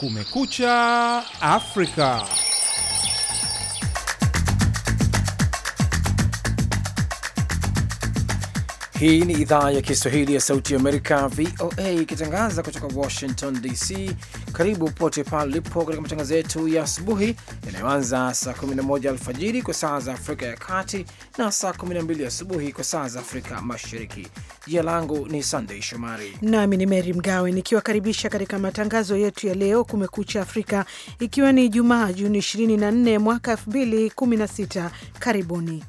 Kumekucha Afrika. Hii ni idhaa ya Kiswahili ya Sauti ya Amerika, VOA, ikitangaza kutoka Washington DC. Karibu popote pale ulipo katika matangazo yetu ya asubuhi yanayoanza saa 11 alfajiri kwa saa za Afrika ya Kati na saa 12 asubuhi kwa saa za Afrika Mashariki Jina langu ni Sandey Shomari nami ni Mary Mgawe nikiwakaribisha katika matangazo yetu ya leo Kumekucha Afrika, ikiwa ni Jumaa Juni 24 mwaka 2016. Karibuni.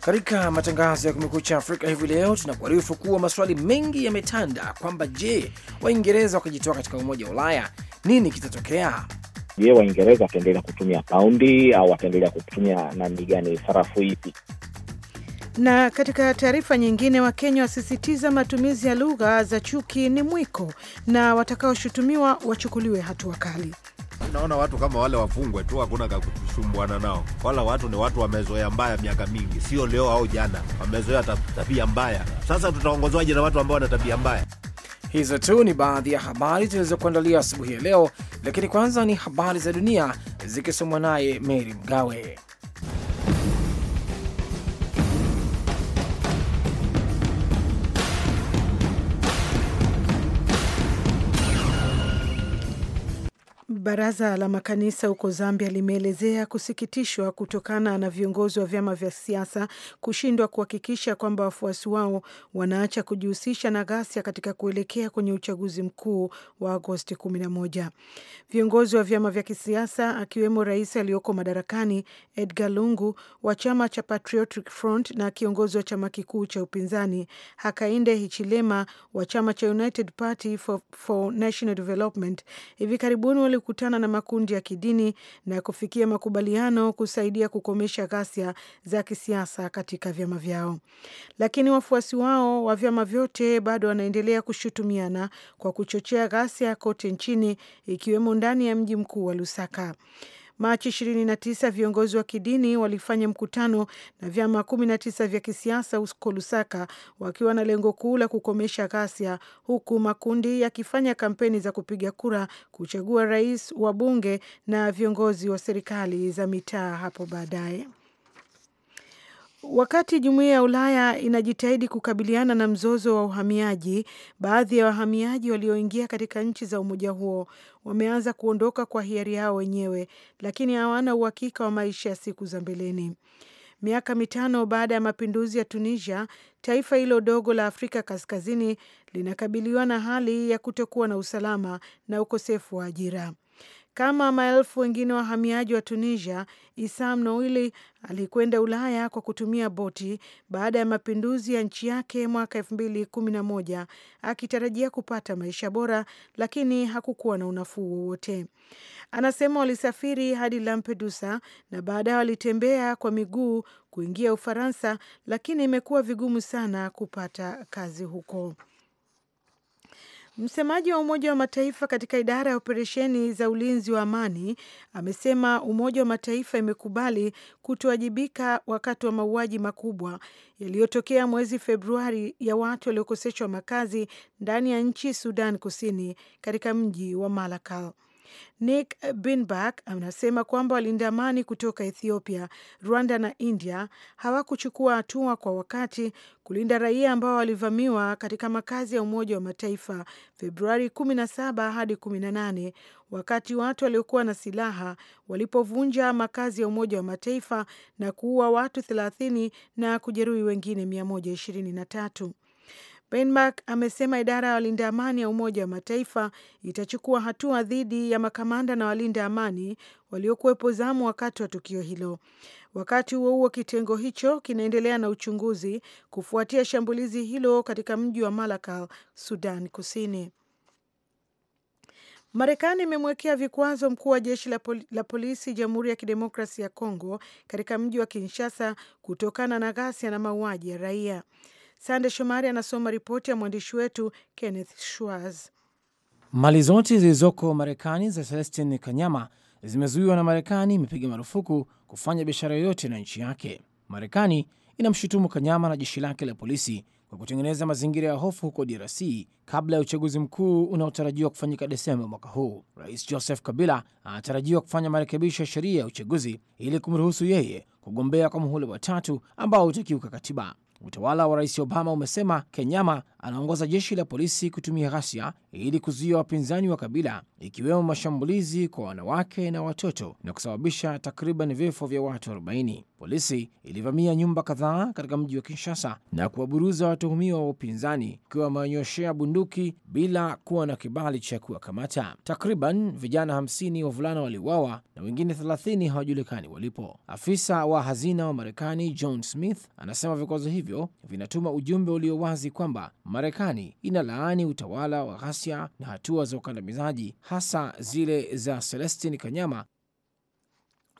Katika matangazo ya Kumekucha Afrika hivi leo tunakuarifu kuwa maswali mengi yametanda kwamba, je, Waingereza wakijitoa katika Umoja wa Ulaya nini kitatokea? Je, Waingereza wataendelea kutumia paundi au wataendelea kutumia nani gani, sarafu ipi? Na katika taarifa nyingine, Wakenya wasisitiza matumizi ya lugha za chuki ni mwiko na watakaoshutumiwa wachukuliwe hatua kali. Naona watu kama wale wafungwe tu, hakuna kakusumbuana nao. Wala watu ni watu wamezoea mbaya miaka mingi, sio leo au jana, wamezoea tabia mbaya. Sasa tutaongozwaje na watu ambao wana tabia mbaya? Hizo tu ni baadhi ya habari zilizokuandalia asubuhi ya leo, lakini kwanza ni habari za dunia zikisomwa naye Meri Mgawe. Baraza la makanisa huko Zambia limeelezea kusikitishwa kutokana na viongozi wa vyama vya siasa kushindwa kuhakikisha kwamba wafuasi wao wanaacha kujihusisha na ghasia katika kuelekea kwenye uchaguzi mkuu wa Agosti 11. Viongozi wa vyama vya kisiasa akiwemo rais aliyoko madarakani Edgar Lungu wa chama cha Patriotic Front na kiongozi wa chama kikuu cha upinzani Hakainde Hichilema wa chama cha United Party for, for National Development hivi karibuni kukutana na makundi ya kidini na kufikia makubaliano kusaidia kukomesha ghasia za kisiasa katika vyama vyao, lakini wafuasi wao wa vyama vyote bado wanaendelea kushutumiana kwa kuchochea ghasia kote nchini, ikiwemo ndani ya mji mkuu wa Lusaka. Machi 29 viongozi wa kidini walifanya mkutano na vyama 19 vya kisiasa huko Lusaka wakiwa na lengo kuu la kukomesha ghasia, huku makundi yakifanya kampeni za kupiga kura kuchagua rais, wabunge na viongozi wa serikali za mitaa hapo baadaye. Wakati jumuiya ya Ulaya inajitahidi kukabiliana na mzozo wa uhamiaji, baadhi ya wahamiaji walioingia katika nchi za umoja huo wameanza kuondoka kwa hiari yao wenyewe, lakini hawana uhakika wa maisha ya siku za mbeleni. Miaka mitano baada ya mapinduzi ya Tunisia, taifa hilo dogo la Afrika Kaskazini linakabiliwa na hali ya kutokuwa na usalama na ukosefu wa ajira. Kama maelfu wengine wa wahamiaji wa Tunisia, isam Nouli alikwenda Ulaya kwa kutumia boti baada ya mapinduzi ya nchi yake mwaka elfu mbili kumi na moja akitarajia kupata maisha bora, lakini hakukuwa na unafuu wowote. Anasema walisafiri hadi Lampedusa na baadaye walitembea kwa miguu kuingia Ufaransa, lakini imekuwa vigumu sana kupata kazi huko. Msemaji wa Umoja wa Mataifa katika idara ya operesheni za ulinzi wa amani amesema Umoja wa Mataifa imekubali kutowajibika wakati wa mauaji makubwa yaliyotokea mwezi Februari ya watu waliokoseshwa makazi ndani ya nchi Sudan Kusini katika mji wa Malakal. Nick Binback anasema kwamba walinda amani kutoka Ethiopia, Rwanda na India hawakuchukua hatua kwa wakati kulinda raia ambao walivamiwa katika makazi ya Umoja wa Mataifa Februari 17 hadi 18 wakati watu waliokuwa na silaha walipovunja makazi ya Umoja wa Mataifa na kuua watu 30 na kujeruhi wengine 123. Steinmark amesema idara ya walinda amani ya Umoja wa Mataifa itachukua hatua dhidi ya makamanda na walinda amani waliokuwepo zamu wakati wa tukio hilo. Wakati huo huo, kitengo hicho kinaendelea na uchunguzi kufuatia shambulizi hilo katika mji wa Malakal, Sudan Kusini. Marekani imemwekea vikwazo mkuu wa jeshi la, pol la polisi Jamhuri ya Kidemokrasia ya Kongo katika mji wa Kinshasa kutokana na ghasia na mauaji ya raia. Sande Shomari anasoma ripoti ya mwandishi wetu Kenneth schwaz Mali zote zilizoko Marekani za Celestin Kanyama zimezuiwa na Marekani imepiga marufuku kufanya biashara yoyote na nchi yake. Marekani inamshutumu Kanyama na jeshi lake la polisi kwa kutengeneza mazingira ya hofu huko DRC kabla ya uchaguzi mkuu unaotarajiwa kufanyika Desemba mwaka huu. Rais Joseph Kabila anatarajiwa kufanya marekebisho ya sheria ya uchaguzi ili kumruhusu yeye kugombea kwa muhula wa tatu ambao utakiuka katiba. Utawala wa Rais Obama umesema Kenyama anaongoza jeshi la polisi kutumia ghasia ili kuzuia wapinzani wa kabila, ikiwemo mashambulizi kwa wanawake na watoto na kusababisha takriban vifo vya watu 40. Polisi ilivamia nyumba kadhaa katika mji wa Kinshasa na kuwaburuza watuhumiwa wa upinzani ikiwa wamewanyoshea bunduki bila kuwa na kibali cha kuwakamata. Takriban vijana 50 wavulana waliuawa na wengine 30 hawajulikani walipo. Afisa wa hazina wa Marekani John Smith anasema vikwazo hivyo vinatuma ujumbe ulio wazi kwamba Marekani inalaani utawala wa ghasia na hatua za ukandamizaji, hasa zile za Celestin Kanyama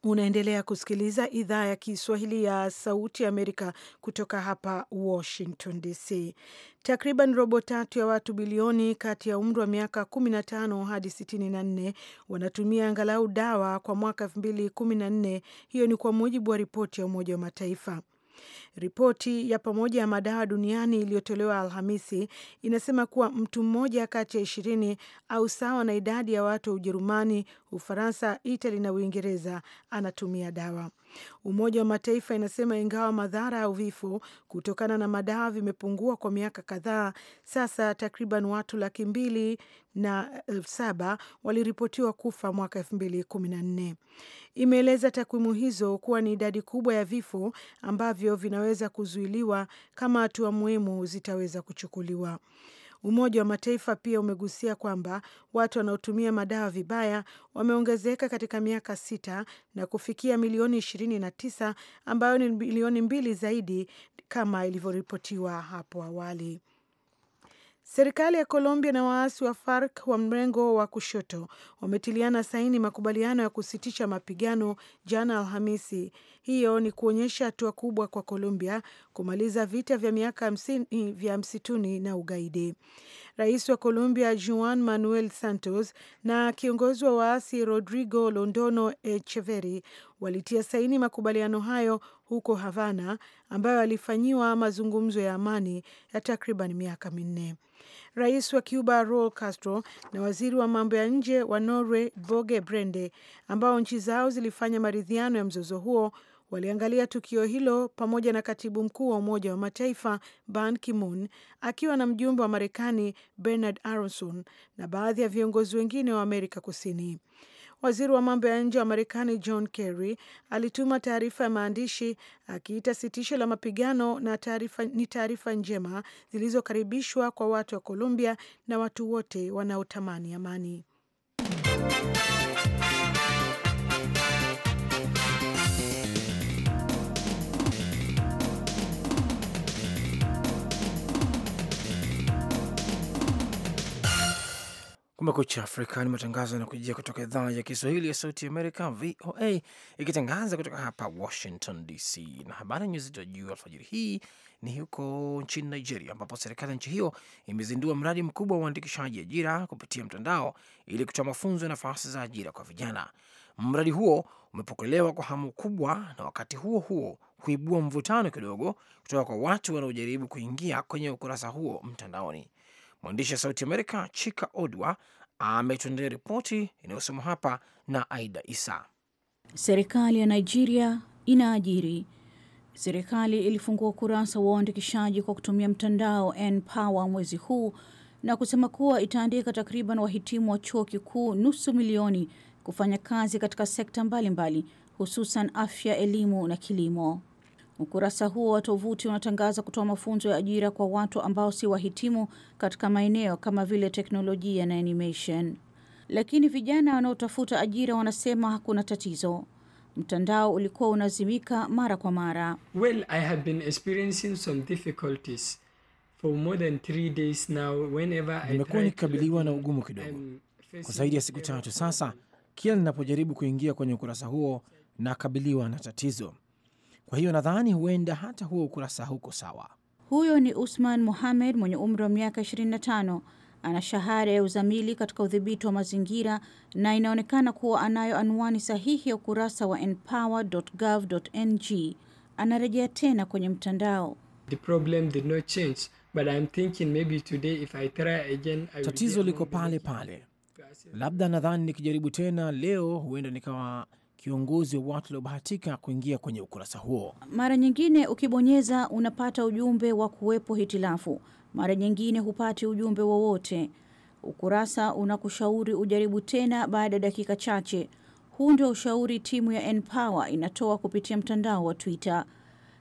Unaendelea kusikiliza idhaa ya Kiswahili ya Sauti ya Amerika kutoka hapa Washington DC. Takriban robo tatu ya watu bilioni kati ya umri wa miaka 15 hadi 64 wanatumia angalau dawa kwa mwaka 2014. Hiyo ni kwa mujibu wa ripoti ya Umoja wa Mataifa. Ripoti ya pamoja ya madawa duniani iliyotolewa Alhamisi inasema kuwa mtu mmoja kati ya ishirini au sawa na idadi ya watu wa Ujerumani, Ufaransa, Itali na Uingereza anatumia dawa. Umoja wa Mataifa inasema ingawa madhara ya vifo kutokana na madawa vimepungua kwa miaka kadhaa, sasa takriban watu laki mbili na elfu saba waliripotiwa kufa mwaka elfu mbili kumi na nne. Imeeleza takwimu hizo kuwa ni idadi kubwa ya vifo ambavyo vinaweza kuzuiliwa kama hatua muhimu zitaweza kuchukuliwa. Umoja wa Mataifa pia umegusia kwamba watu wanaotumia madawa vibaya wameongezeka katika miaka sita na kufikia milioni ishirini na tisa ambayo ni milioni mbili zaidi kama ilivyoripotiwa hapo awali. Serikali ya Colombia na waasi wa FARC wa mrengo wa kushoto wametiliana saini makubaliano ya kusitisha mapigano jana Alhamisi hiyo ni kuonyesha hatua kubwa kwa Colombia kumaliza vita vya miaka hamsini vya msituni na ugaidi. Rais wa Colombia Juan Manuel Santos na kiongozi wa waasi Rodrigo Londono Echeveri walitia saini makubaliano hayo huko Havana ambayo alifanyiwa mazungumzo ya amani ya takriban miaka minne. Rais wa Cuba Raul Castro na waziri wa mambo ya nje wa Norway Boge Brende, ambao nchi zao zilifanya maridhiano ya mzozo huo waliangalia tukio hilo pamoja na katibu mkuu wa Umoja wa Mataifa Ban Ki-moon akiwa na mjumbe wa Marekani Bernard Aronson na baadhi ya viongozi wengine wa Amerika Kusini. Waziri wa mambo ya nje wa Marekani John Kerry alituma taarifa ya maandishi akiita sitisho la mapigano na taarifa ni taarifa njema zilizokaribishwa kwa watu wa Colombia na watu wote wanaotamani amani. Kumekucha Afrika ni matangazo yanakujia kutoka idhaa ya Kiswahili ya Sauti Amerika, VOA, ikitangaza kutoka hapa Washington DC. Na habari za juu alfajiri hii ni huko nchini Nigeria, ambapo serikali ya nchi hiyo imezindua mradi mkubwa wa uandikishaji ajira kupitia mtandao ili kutoa mafunzo ya nafasi za ajira kwa vijana. Mradi huo umepokelewa kwa hamu kubwa, na wakati huo huo kuibua mvutano kidogo kutoka kwa watu wanaojaribu kuingia kwenye ukurasa huo mtandaoni. Mwandishi wa Sauti Amerika Chika Odwa ametuandalia ripoti inayosoma hapa na Aida Isa. Serikali ya Nigeria inaajiri Serikali ilifungua ukurasa wa uandikishaji kwa kutumia mtandao nPower mwezi huu na kusema kuwa itaandika takriban wahitimu wa chuo kikuu nusu milioni kufanya kazi katika sekta mbalimbali, hususan afya, elimu na kilimo. Ukurasa huo wa tovuti unatangaza kutoa mafunzo ya ajira kwa watu ambao si wahitimu katika maeneo kama vile teknolojia na animation. Lakini vijana wanaotafuta ajira wanasema hakuna tatizo. Mtandao ulikuwa unazimika mara kwa mara. Well, I have been experiencing some difficulties for more than three days now whenever I nimekuwa nikikabiliwa na ugumu kidogo kwa zaidi ya siku tatu sasa. Kila ninapojaribu kuingia kwenye ukurasa huo nakabiliwa na tatizo. Kwa hiyo nadhani huenda hata huo ukurasa huko sawa. Huyo ni Usman muhamed mwenye umri wa miaka 25 ana shahada ya uzamili katika udhibiti wa mazingira na inaonekana kuwa anayo anwani sahihi ya ukurasa wa npower.gov.ng. Anarejea tena kwenye mtandao. The problem did not change, but I'm thinking maybe today if I try again, I will tatizo liko pale pale, labda nadhani nikijaribu tena leo huenda nikawa kiongozi wa watu waliobahatika kuingia kwenye ukurasa huo. Mara nyingine ukibonyeza unapata ujumbe wa kuwepo hitilafu, mara nyingine hupati ujumbe wowote. Ukurasa unakushauri ujaribu tena baada ya dakika chache. Huu ndio ushauri timu ya Npower inatoa kupitia mtandao wa Twitter.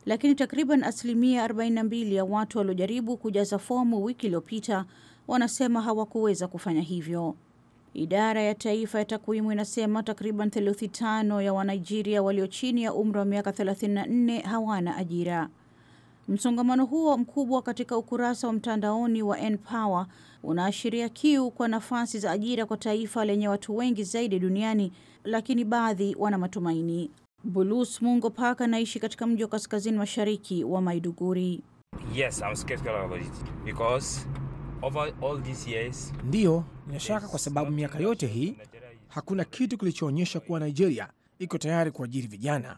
Lakini takriban asilimia 42 ya watu waliojaribu kujaza fomu wiki iliyopita wanasema hawakuweza kufanya hivyo. Idara ya Taifa ya Takwimu inasema takriban theluthi tano ya Wanigeria walio chini ya umri wa miaka 34 hawana ajira. Msongamano huo mkubwa katika ukurasa wa mtandaoni wa NPower unaashiria kiu kwa nafasi za ajira kwa taifa lenye watu wengi zaidi duniani, lakini baadhi wana matumaini. Bulus Mungo Paka anaishi katika mji wa kaskazini mashariki wa Maiduguri. Yes, I'm Ndiyo, bila shaka kwa sababu miaka yote hii hakuna kitu kilichoonyesha kuwa Nigeria iko tayari kuajiri vijana.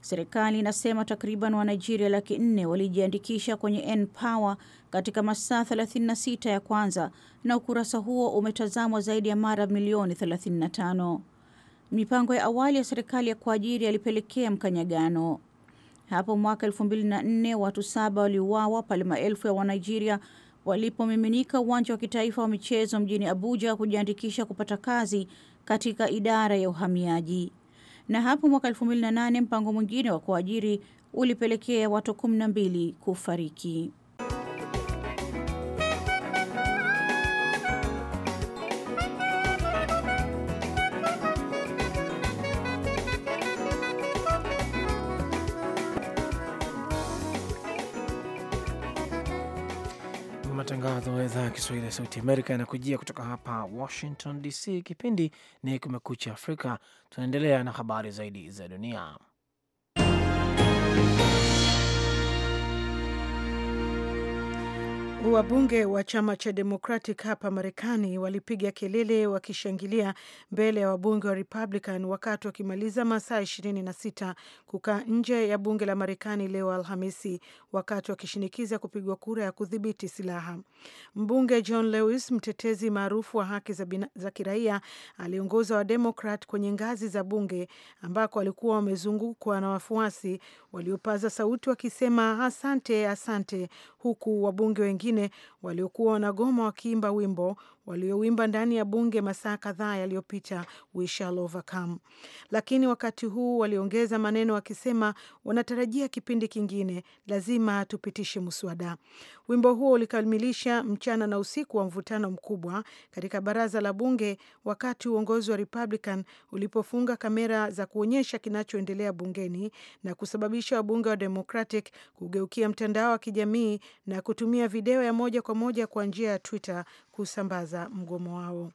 Serikali inasema takriban Nigeria laki nne walijiandikisha kwenye NPower katika masaa 36 ya kwanza, na ukurasa huo umetazamwa zaidi ya mara milioni 35. Mipango ya awali ya serikali ya kuajiri yalipelekea mkanyagano. Hapo mwaka 2004 watu saba waliuawa pale maelfu ya Wanigeria walipomiminika uwanja wa kitaifa wa michezo mjini Abuja kujiandikisha kupata kazi katika idara ya uhamiaji. Na hapo mwaka 2008 mpango mwingine wa kuajiri ulipelekea watu 12 kufariki. Kiswahili ya Sauti Amerika inakujia kutoka hapa Washington DC. Kipindi ni Kumekucha Afrika. Tunaendelea na habari zaidi za dunia. Wabunge wa chama cha Democratic hapa Marekani walipiga kelele wakishangilia mbele ya wabunge wa Republican wakati wakimaliza masaa sita kukaa nje ya bunge la Marekani leo Alhamisi, wakati wakishinikiza kupigwa kura ya kudhibiti silaha. Mbunge John Lewis, mtetezi maarufu wa haki za, za kiraia, aliongoza Wademokrat kwenye ngazi za bunge ambako walikuwa wamezungukwa na wafuasi waliopaza sauti wakisema asante, asante, huku wabunge wengine wengine waliokuwa wanagoma wakiimba wimbo waliowimba ndani ya bunge masaa kadhaa yaliyopita, we shall overcome. Lakini wakati huu waliongeza maneno wakisema wanatarajia kipindi kingine, lazima tupitishe mswada Wimbo huo ulikamilisha mchana na usiku wa mvutano mkubwa katika baraza la bunge, wakati uongozi wa Republican ulipofunga kamera za kuonyesha kinachoendelea bungeni na kusababisha wabunge wa Democratic kugeukia mtandao wa kijamii na kutumia video ya moja kwa moja kwa njia ya Twitter kusambaza mgomo wao.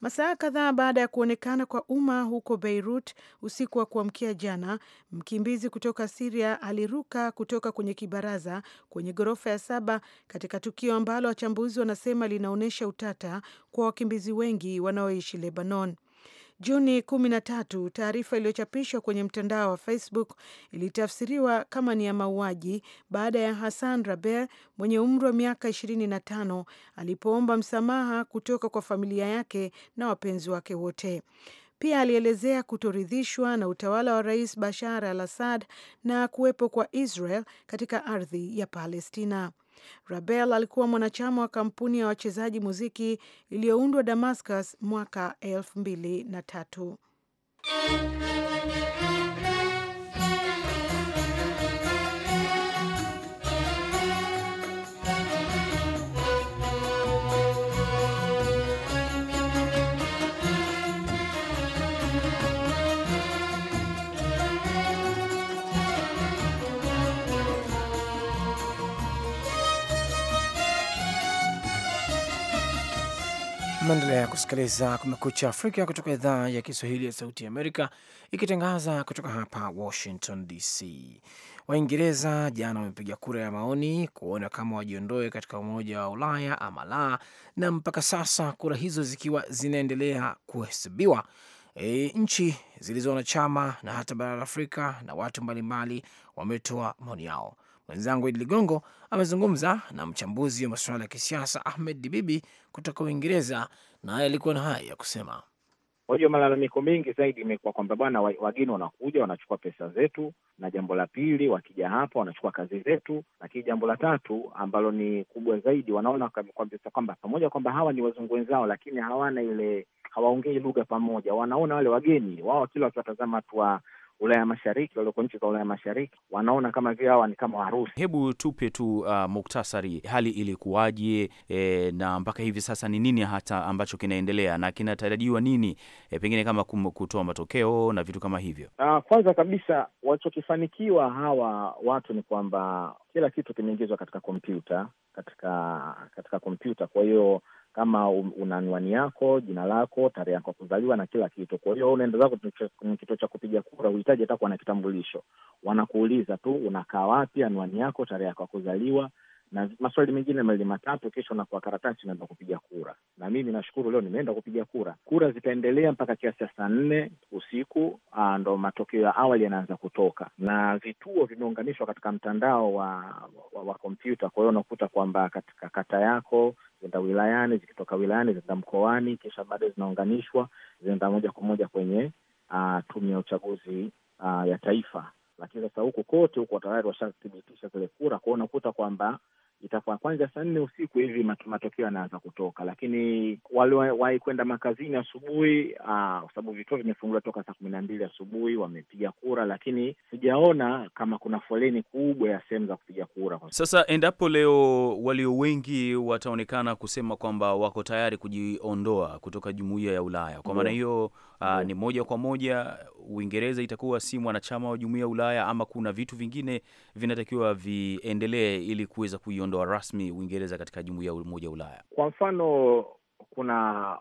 Masaa kadhaa baada ya kuonekana kwa umma huko Beirut usiku wa kuamkia jana, mkimbizi kutoka Siria aliruka kutoka kwenye kibaraza kwenye ghorofa ya saba katika tukio ambalo wachambuzi wanasema linaonyesha utata kwa wakimbizi wengi wanaoishi Lebanon. Juni 13, taarifa iliyochapishwa kwenye mtandao wa Facebook ilitafsiriwa kama ni ya mauaji baada ya Hassan Raber mwenye umri wa miaka 25 alipoomba msamaha kutoka kwa familia yake na wapenzi wake wote. Pia alielezea kutoridhishwa na utawala wa Rais Bashar al-Assad na kuwepo kwa Israel katika ardhi ya Palestina. Rabel alikuwa mwanachama wa kampuni ya wachezaji muziki iliyoundwa Damascus mwaka elfu mbili na tatu. Maendelea kusikiliza Kumekucha Afrika kutoka idhaa ya Kiswahili ya Sauti ya Amerika ikitangaza kutoka hapa Washington DC. Waingereza jana wamepiga kura ya maoni kuona kama wajiondoe katika Umoja wa Ulaya ama la, na mpaka sasa kura hizo zikiwa zinaendelea kuhesabiwa, e, nchi zilizo wanachama na hata bara la Afrika na watu mbalimbali wametoa maoni yao. Mwenzangu Idi Ligongo amezungumza na mchambuzi wa masuala ya kisiasa Ahmed Dibibi kutoka Uingereza, naye alikuwa na haya ya kusema. Kwa hiyo malalamiko mengi zaidi imekuwa kwamba bwana, wageni wanakuja wanachukua pesa zetu, na jambo la pili, wakija hapa wanachukua kazi zetu, lakini jambo la tatu ambalo ni kubwa zaidi, wanaona kabisa kwamba pamoja kwamba hawa ni wazungu wenzao, lakini hawana ile hawaongei lugha pamoja. Wanaona wale wageni wao, kila wakiwatazama tu Ulaya Mashariki, walioko nchi za Ulaya Mashariki wanaona kama vile hawa ni kama warusi. Hebu tupe tu uh, muktasari, hali ilikuwaje eh, na mpaka hivi sasa ni nini hata ambacho kinaendelea na kinatarajiwa nini eh, pengine kama kutoa matokeo na vitu kama hivyo? Uh, kwanza kabisa walichokifanikiwa hawa watu ni kwamba kila kitu kimeingizwa katika kompyuta, katika katika kompyuta, kwa hiyo kama una anwani yako, jina lako, tarehe yako kuzaliwa na kila kitu. Kwa hiyo unaenda zako kwenye kituo cha kupiga kura, uhitaji hata kuwa na kitambulisho. Wanakuuliza tu unakaa wapi, anwani yako, tarehe yako kuzaliwa, na maswali mengine mawili matatu, kesho nakuwa karatasi, naenda kupiga kura. Na mimi nashukuru leo nimeenda kupiga kura. Kura zitaendelea mpaka kiasi cha saa nne usiku, ah, ndo matokeo ya awali yanaanza kutoka, na vituo vimeunganishwa katika mtandao wa wa kompyuta. Kwa hiyo unakuta kwamba katika kata yako zinaenda wilayani, zikitoka wilayani zinaenda mkoani, kisha baadaye zinaunganishwa zinaenda moja kwa moja kwenye uh, tume ya uchaguzi uh, ya taifa. Lakini sasa huku kote huku tayari washathibitisha zile kura, kwao, unakuta kwamba itakuwa kwanza saa nne usiku hivi matokeo yanaanza kutoka, lakini waliowahi kwenda makazini asubuhi, ah, kwa sababu vituo vimefunguliwa toka saa kumi na mbili asubuhi, wamepiga kura, lakini sijaona kama kuna foleni kubwa ya sehemu za kupiga kura. Sasa endapo leo walio wengi wataonekana kusema kwamba wako tayari kujiondoa kutoka jumuiya ya Ulaya, kwa maana hiyo uh, ni moja kwa moja Uingereza itakuwa si mwanachama wa jumuiya ya Ulaya, ama kuna vitu vingine vinatakiwa viendelee ili kuweza kuiondoa kuondoa rasmi Uingereza katika jumuiya ya Umoja wa Ulaya. Kwa mfano kuna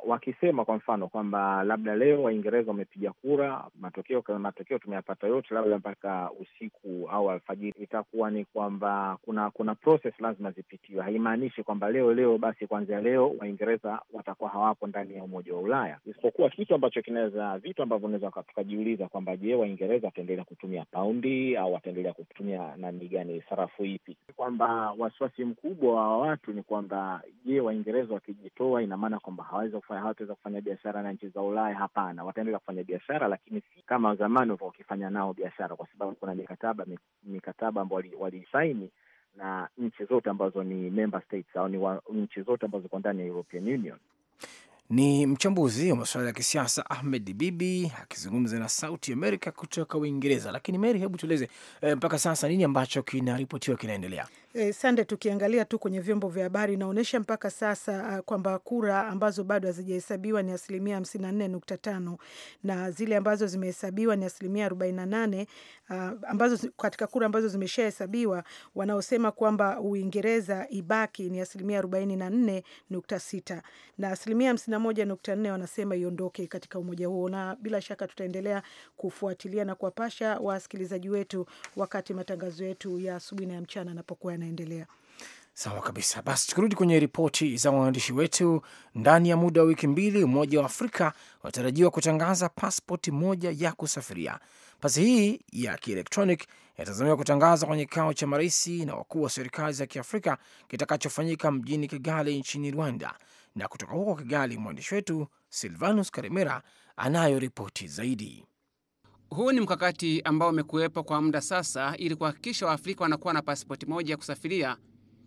wakisema kwa mfano kwamba labda leo Waingereza wamepiga kura, matokeo matokeo tumeyapata yote, labda mpaka usiku au alfajiri, itakuwa ni kwamba kuna kuna process lazima zipitiwe. Haimaanishi kwamba leo leo basi kuanzia leo Waingereza watakuwa hawapo ndani ya Umoja wa Ulaya, isipokuwa kitu ambacho kinaweza, vitu ambavyo unaweza tukajiuliza kwamba je, Waingereza wataendelea kutumia paundi au wataendelea kutumia nani gani, sarafu ipi? Kwamba wasiwasi mkubwa wa watu ni kwamba je, Waingereza wakijitoa, ina maana maana kwamba hawawezi kufanya, hawataweza kufanya biashara na nchi za Ulaya. Hapana, wataendelea kufanya biashara, lakini si kama zamani walikuwa wakifanya nao biashara, kwa sababu kuna mikataba mikataba ambayo walisaini na nchi zote ambazo ni member states au ni nchi zote ambazo ziko ndani ya European Union. Ni mchambuzi wa masuala ya kisiasa Ahmed Bibi akizungumza na Sauti Amerika kutoka Uingereza. Lakini Mary, hebu tueleze eh, mpaka sasa nini ambacho kinaripotiwa kinaendelea? E, sande, tukiangalia tu kwenye vyombo vya habari inaonyesha mpaka sasa uh, kwamba kura ambazo bado hazijahesabiwa ni asilimia 54.5 na zile ambazo zimehesabiwa ni asilimia 48, ah, ambazo katika kura ambazo zimeshahesabiwa wanaosema kwamba Uingereza ibaki ni asilimia 44.6 na asilimia 51.4 wanasema iondoke katika umoja huo, na bila shaka tutaendelea kufuatilia na kuwapasha wasikilizaji wetu wakati matangazo yetu ya asubuhi na ya mchana yanapokuwa yanaendelea. Sawa kabisa. Basi tukirudi kwenye ripoti za waandishi wetu, ndani ya muda wa wiki mbili Umoja wa Afrika unatarajiwa kutangaza paspoti moja ya kusafiria. Pasi hii ya kielektronic inatazamiwa kutangazwa kwenye kikao cha maraisi na wakuu wa serikali za kiafrika kitakachofanyika mjini Kigali nchini Rwanda. Na kutoka huko Kigali, mwandishi wetu Silvanus Karimera anayo ripoti zaidi. Huu ni mkakati ambao umekuwepo kwa muda sasa ili kuhakikisha Waafrika wanakuwa na pasipoti moja ya kusafiria.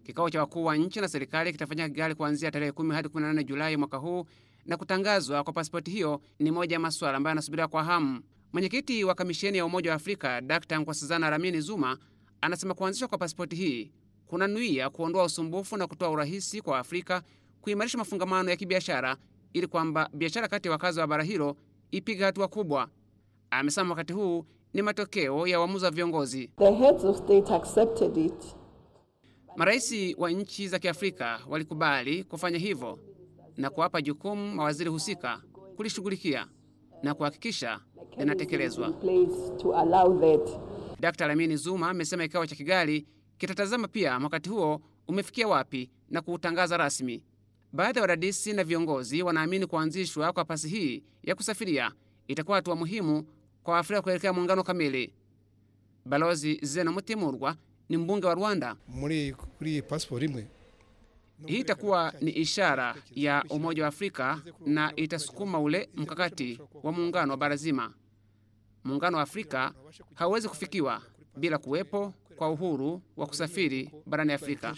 Kikao cha wakuu wa nchi na serikali kitafanyika Kigali kuanzia tarehe 10 hadi 18 Julai mwaka huu, na kutangazwa kwa pasipoti hiyo ni moja ya masuala ambayo yanasubiriwa kwa hamu. Mwenyekiti wa kamisheni ya Umoja wa Afrika d Nkosazana ramini Zuma anasema kuanzishwa kwa pasipoti hii kuna nuia kuondoa usumbufu na kutoa urahisi kwa Afrika kuimarisha mafungamano ya kibiashara ili kwamba biashara kati ya wakazi wa bara hilo ipige hatua kubwa amesema wakati huu ni matokeo ya uamuzi wa viongozi. Marais wa nchi za Kiafrika walikubali kufanya hivyo na kuwapa jukumu mawaziri husika kulishughulikia na kuhakikisha linatekelezwa. Dr. Lamini Zuma amesema kikao cha Kigali kitatazama pia wakati huo umefikia wapi na kuutangaza rasmi. Baadhi ya wadadisi na viongozi wanaamini kuanzishwa kwa pasi hii ya kusafiria itakuwa hatua muhimu kwa Afrika kuelekea muungano kamili. Balozi Zena Mutimurwa ni mbunge wa Rwanda. Hii itakuwa ni ishara ya umoja wa Afrika na itasukuma ule mkakati wa muungano wa bara zima. Muungano wa Afrika hauwezi kufikiwa bila kuwepo kwa uhuru wa kusafiri barani Afrika.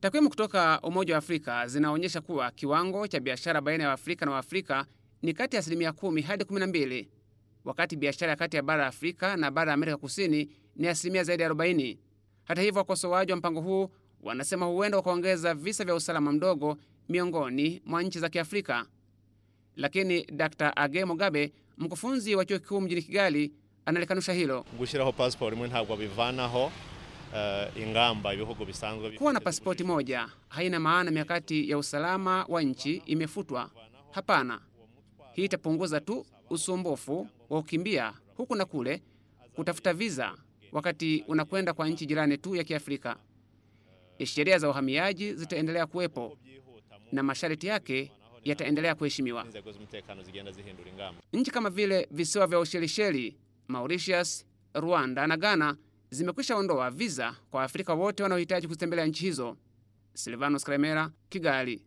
Takwimu kutoka Umoja wa Afrika zinaonyesha kuwa kiwango cha biashara baina ya Waafrika na Waafrika ni kati ya asilimia kumi hadi kumi na mbili wakati biashara kati ya bara la Afrika na bara la Amerika Kusini ni asilimia zaidi ya 40. Hata hivyo, wakosoaji wa mpango huu wanasema huenda wakaongeza visa vya usalama mdogo miongoni mwa nchi za Kiafrika. Lakini Dr Age Mugabe, mkufunzi wa chuo kikuu mjini Kigali, analikanusha hilo. Eh, Kuwa na pasipoti moja haina maana mikakati ya usalama wa nchi imefutwa. Hapana. Hii itapunguza tu usumbufu wa kukimbia huku na kule, kutafuta viza wakati unakwenda kwa nchi jirani tu ya Kiafrika. Sheria za uhamiaji zitaendelea kuwepo na masharti yake yataendelea kuheshimiwa. Nchi kama vile visiwa vya Ushelisheli, Mauritius, Rwanda na Ghana zimekwisha ondoa viza kwa Waafrika wote wanaohitaji kuzitembelea nchi hizo. Silvanos Kremera, Kigali.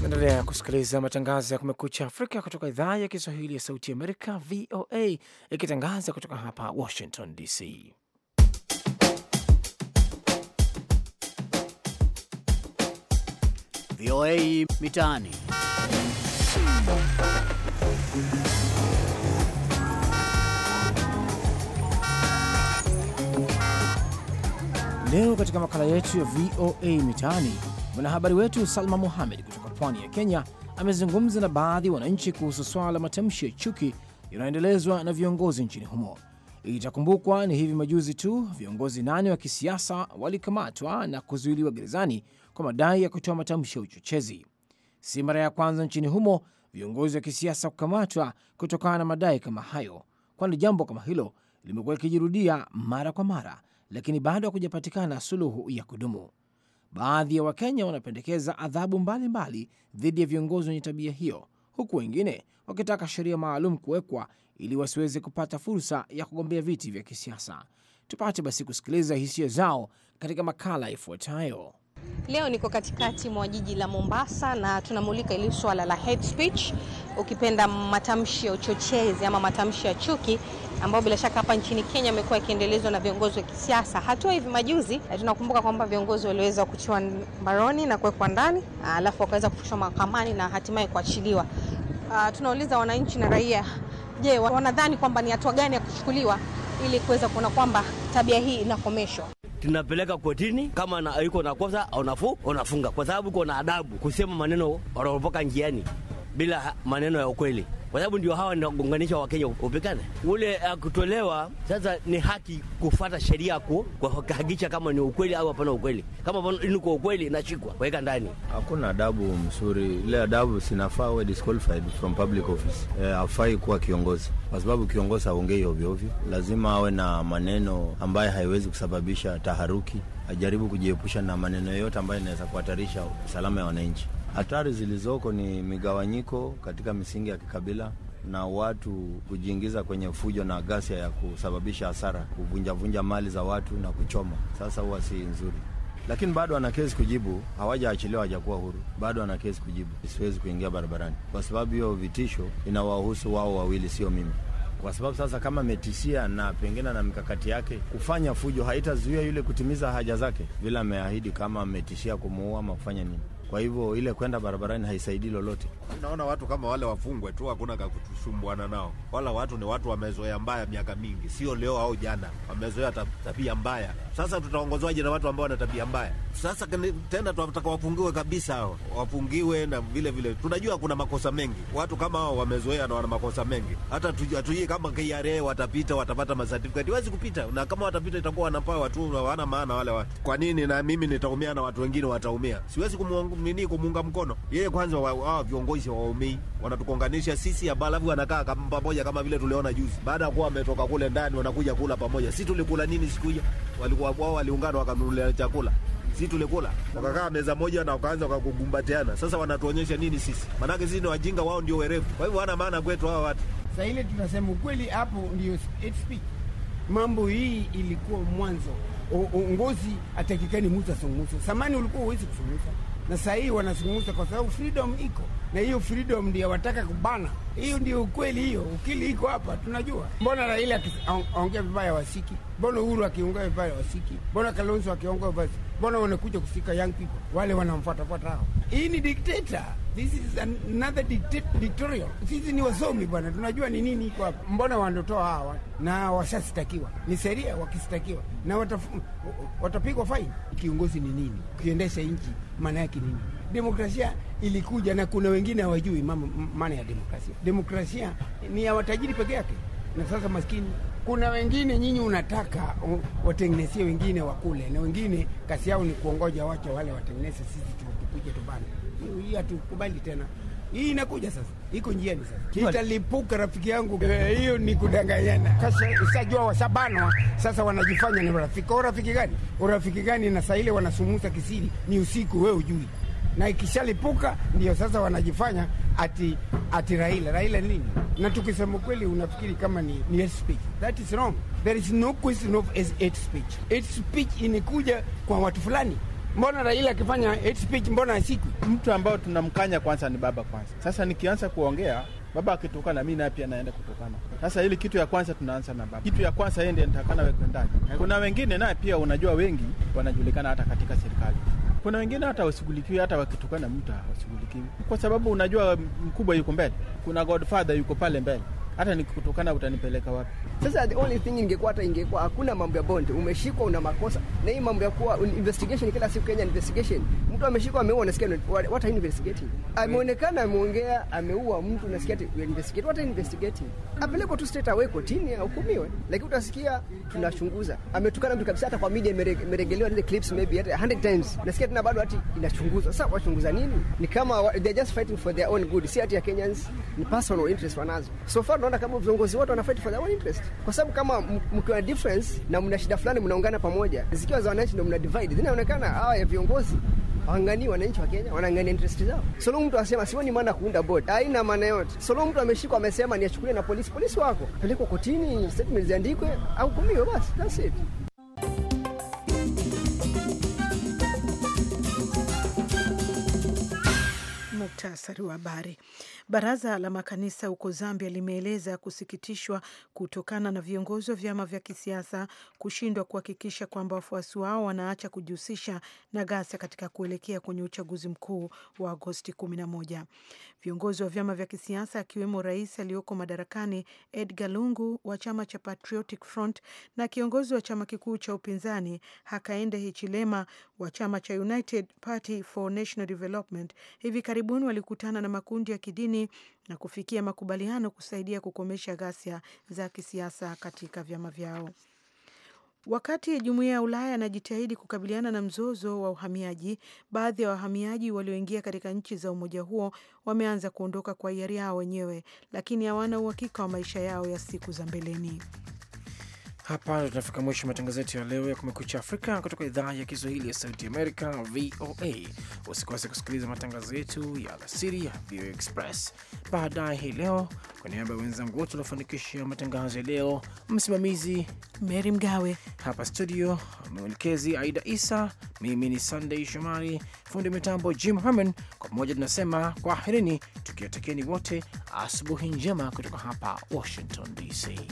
Naendelea kusikiliza matangazo ya Kumekucha Afrika kutoka idhaa ya Kiswahili ya Sauti Amerika, VOA, ikitangaza kutoka hapa Washington DC. VOA Mitaani. Leo katika makala yetu ya VOA Mitaani, mwanahabari wetu Salma Muhamed pwani ya Kenya amezungumza na baadhi ya wananchi kuhusu swala la matamshi ya chuki yanayoendelezwa na viongozi nchini humo. Itakumbukwa ni hivi majuzi tu viongozi nane wa kisiasa walikamatwa na kuzuiliwa gerezani kwa madai ya kutoa matamshi ya uchochezi. Si mara ya kwanza nchini humo viongozi wa kisiasa kukamatwa kutokana na madai kama hayo, kwani jambo kama hilo limekuwa likijirudia mara kwa mara, lakini bado hakujapatikana suluhu ya kudumu. Baadhi ya Wakenya wanapendekeza adhabu mbalimbali dhidi ya viongozi wenye tabia hiyo, huku wengine wakitaka sheria maalum kuwekwa ili wasiweze kupata fursa ya kugombea viti vya kisiasa. Tupate basi kusikiliza hisia zao katika makala ifuatayo. Leo niko katikati mwa jiji la Mombasa na tunamulika ili swala la hate speech, ukipenda matamshi ya uchochezi ama matamshi ya chuki ambayo bila shaka hapa nchini Kenya amekuwa yakiendelezwa na viongozi wa kisiasa. Hatua hivi majuzi eh, tunakumbuka kwamba viongozi waliweza kuchiwa mbaroni na kuwekwa ndani, ah, alafu wakaweza kufikishwa mahakamani na hatimaye kuachiliwa. Ah, tunauliza wananchi na raia, je, wanadhani kwamba ni hatua gani ya kuchukuliwa ili kuweza kuona kwamba tabia hii inakomeshwa? Tunapeleka kotini, kama na iko na kosa au unafunga, kwa sababu uko na adabu kusema maneno wanaopoka njiani bila maneno ya ukweli, kwa sababu ndio hawa nagonganisha Wakenya upikane ule akutolewa. Eh, sasa ni haki kufata sheria yako kuhakikisha kama ni ukweli au hapana ukweli. Kama ni kwa ukweli, nashikwa kuweka ndani. Hakuna adabu mzuri, ile adabu sinafaa we disqualified from public office. E, eh, afai kuwa kiongozi kwa sababu kiongozi aongei ovyo ovyo, lazima awe na maneno ambayo haiwezi kusababisha taharuki. Ajaribu kujiepusha na maneno yote ambayo inaweza kuhatarisha usalama ya wananchi. Hatari zilizoko ni migawanyiko katika misingi ya kikabila na watu kujiingiza kwenye fujo na ghasia ya kusababisha hasara, kuvunjavunja mali za watu na kuchoma. Sasa huwa si nzuri, lakini bado ana kesi kujibu. Hawajaachiliwa, hawajakuwa huru, bado ana kesi kujibu. Siwezi kuingia barabarani kwa sababu hiyo vitisho inawahusu wao wawili, sio mimi kwa sababu sasa kama ametishia na pengine na mikakati yake kufanya fujo haitazuia yule kutimiza haja zake vile ameahidi, kama ametishia kumuua ama kufanya nini. Kwa hivyo ile kwenda barabarani haisaidii lolote. Naona watu kama wale wafungwe tu, hakuna kakutusumbuana nao. Wala watu ni watu wamezoea mbaya miaka mingi, sio leo au jana, wamezoea tabia mbaya. Sasa tutaongozwaje na watu ambao wana tabia mbaya? Sasa tena tunataka wafungiwe kabisa hao, wafungiwe na vile vile. Tunajua kuna makosa mengi, watu kama hao wamezoea na wana makosa mengi. Hata hatujui kama KRA watapita, watapata masertifikati, wezi kupita, na kama watapita itakuwa wanapaa watu, hawana maana wale watu. Kwa nini na mimi nitaumia na watu wengine wataumia? Siwezi kumwangu nini kumunga mkono yeye. Kwanza wa, wa, viongozi wa umi wanatukonganisha sisi hapa, alafu kama pamoja kama vile tuliona juzi, baada ya kuwa wametoka kule ndani wanakuja kula pamoja. Si tulikula nini siku hiyo? Walikuwa wao waliungana wakanunulia chakula si tulikula wakakaa meza moja na wakaanza wakakugumbatiana. Sasa wanatuonyesha nini sisi? Maanake sisi ni wajinga, wao ndio werevu. Kwa hivyo wana maana kwetu hawa watu. Sasa ile tunasema ukweli, hapo ndio mambo hii ilikuwa mwanzo. Uongozi atakikani musa asungumza. Samani ulikuwa uwezi kusungumza na sahii wanazungumza kwa sababu freedom iko na hiyo freedom ndio wataka kubana. Hiyo ndio ukweli, hiyo ukili iko hapa, tunajua. Mbona Raila akiongea vibaya wasiki? Mbona Uhuru akiongea vibaya wasiki? Mbona Kalonzo akiongea basi? Mbona wanakuja kusika young people wale wanamfuatafuata hao? Hii ni dictator. This is another dictatorial. Sisi ni wasomi bwana, tunajua ni nini iko hapa. Mbona wandotoa hawa na washastakiwa ni sheria, wakistakiwa na watapigwa faini. Kiongozi ni nini? Ukiendesha nchi maana yake nini? demokrasia ilikuja na kuna wengine hawajui maana ya demokrasia. Demokrasia ni ya watajiri peke yake, na sasa maskini. Kuna wengine nyinyi unataka watengenezie wengine wakule, na wengine kasi yao ni kuongoja, wacha wale watengeneze, sisi tukuje tubane. Hii hatukubali tena. Hii inakuja sasa, iko njiani sasa, italipuka rafiki yangu. Eh, hiyo ni kudanganyana, ushajua washabanwa. Sasa wanajifanya ni rafiki. Urafiki gani? Urafiki gani? na saa ile wanasumusa kisiri, ni usiku, we ujui na ikishalipuka ndio sasa wanajifanya ati ati Raila Raila nini? Na tukisema ukweli, unafikiri kama ni, ni hate speech. That is wrong. There is no question of hate speech. Hate speech inikuja kwa watu fulani. Mbona Raila akifanya hate speech, mbona asiku? Mtu ambao tunamkanya kwanza ni baba kwanza. Sasa nikianza kuongea baba akitukana, mi naye pia naenda kutukana. Sasa hili kitu ya kwanza tunaanza na baba, kitu ya kwanza yeye ndiye nitakana wekwendaji. Kuna wengine naye pia, unajua wengi wanajulikana hata katika serikali kuna wengine hata washughulikiwi, hata wakitukana mtu hawashughulikiwi, kwa sababu unajua mkubwa yuko mbele, kuna godfather yuko pale mbele hata nikutukana utanipeleka wapi? Sasa the only thing ingekuwa hata ingekuwa hakuna mambo ya bond, umeshikwa una makosa, na hii mambo ya kuwa investigation kila siku Kenya investigation, mtu ameshikwa ameua, nasikia what are investigating? Ameonekana ameongea ameua mtu, nasikia ati we investigate, what are investigating? Mm-hmm. Apelekwa tu straight away kotini ahukumiwe, lakini utasikia tunachunguza. Ametukana mtu kabisa, hata kwa media imerejelewa ile clips maybe hata 100 times, nasikia tena bado ati inachunguza. Sasa wachunguza nini? Ni kama they just fighting for their own good, si ati ya Kenyans, ni personal interest wanazo. So far naona kama viongozi wote wana fight for their own interest, kwa sababu kama mkiwa difference na mna shida fulani mnaungana pamoja, zikiwa za wananchi ndio mna divide, zinaonekana hawa ya viongozi wang'ani wananchi wa Kenya wanaangania interest zao. Solo mtu asema sioni maana kuunda board, haina maana yote. Solo mtu ameshikwa amesema ni achukuliwe na polisi, polisi wako pelekwa kotini, statement ziandikwe au kumiwe, basi that's it. Muktasari wa habari. Baraza la makanisa huko Zambia limeeleza kusikitishwa kutokana na viongozi wa vyama vya kisiasa kushindwa kuhakikisha kwamba wafuasi wao wanaacha kujihusisha na ghasia katika kuelekea kwenye uchaguzi mkuu wa Agosti 11. Viongozi wa vyama vya kisiasa akiwemo rais aliyoko madarakani Edgar Lungu wa chama cha Patriotic Front na kiongozi wa chama kikuu cha upinzani Hakainde Hichilema wa chama cha United Party for National Development hivi karibuni walikutana na makundi ya kidini amani na kufikia makubaliano kusaidia kukomesha ghasia za kisiasa katika vyama vyao. Wakati jumuiya ya Ulaya anajitahidi kukabiliana na mzozo wa uhamiaji, baadhi ya wahamiaji walioingia katika nchi za umoja huo wameanza kuondoka kwa hiari yao wenyewe, lakini hawana uhakika wa maisha yao ya siku za mbeleni. Hapa ndo tunafika mwisho matangazo yetu ya leo ya Kumekucha Afrika kutoka idhaa ya Kiswahili ya Sauti Amerika, VOA. Usikose kusikiliza matangazo yetu ya alasiri ya VOA Express baadaye hii leo. Kwa niaba ya wenzangu wote waliofanikisha matangazo ya leo, msimamizi Meri Mgawe, hapa studio mwelekezi Aida Isa, mimi ni Sunday Shomari, fundi mitambo Jim Herman. Kwa pamoja tunasema kwaherini, tukiwatakieni wote asubuhi njema kutoka hapa Washington DC.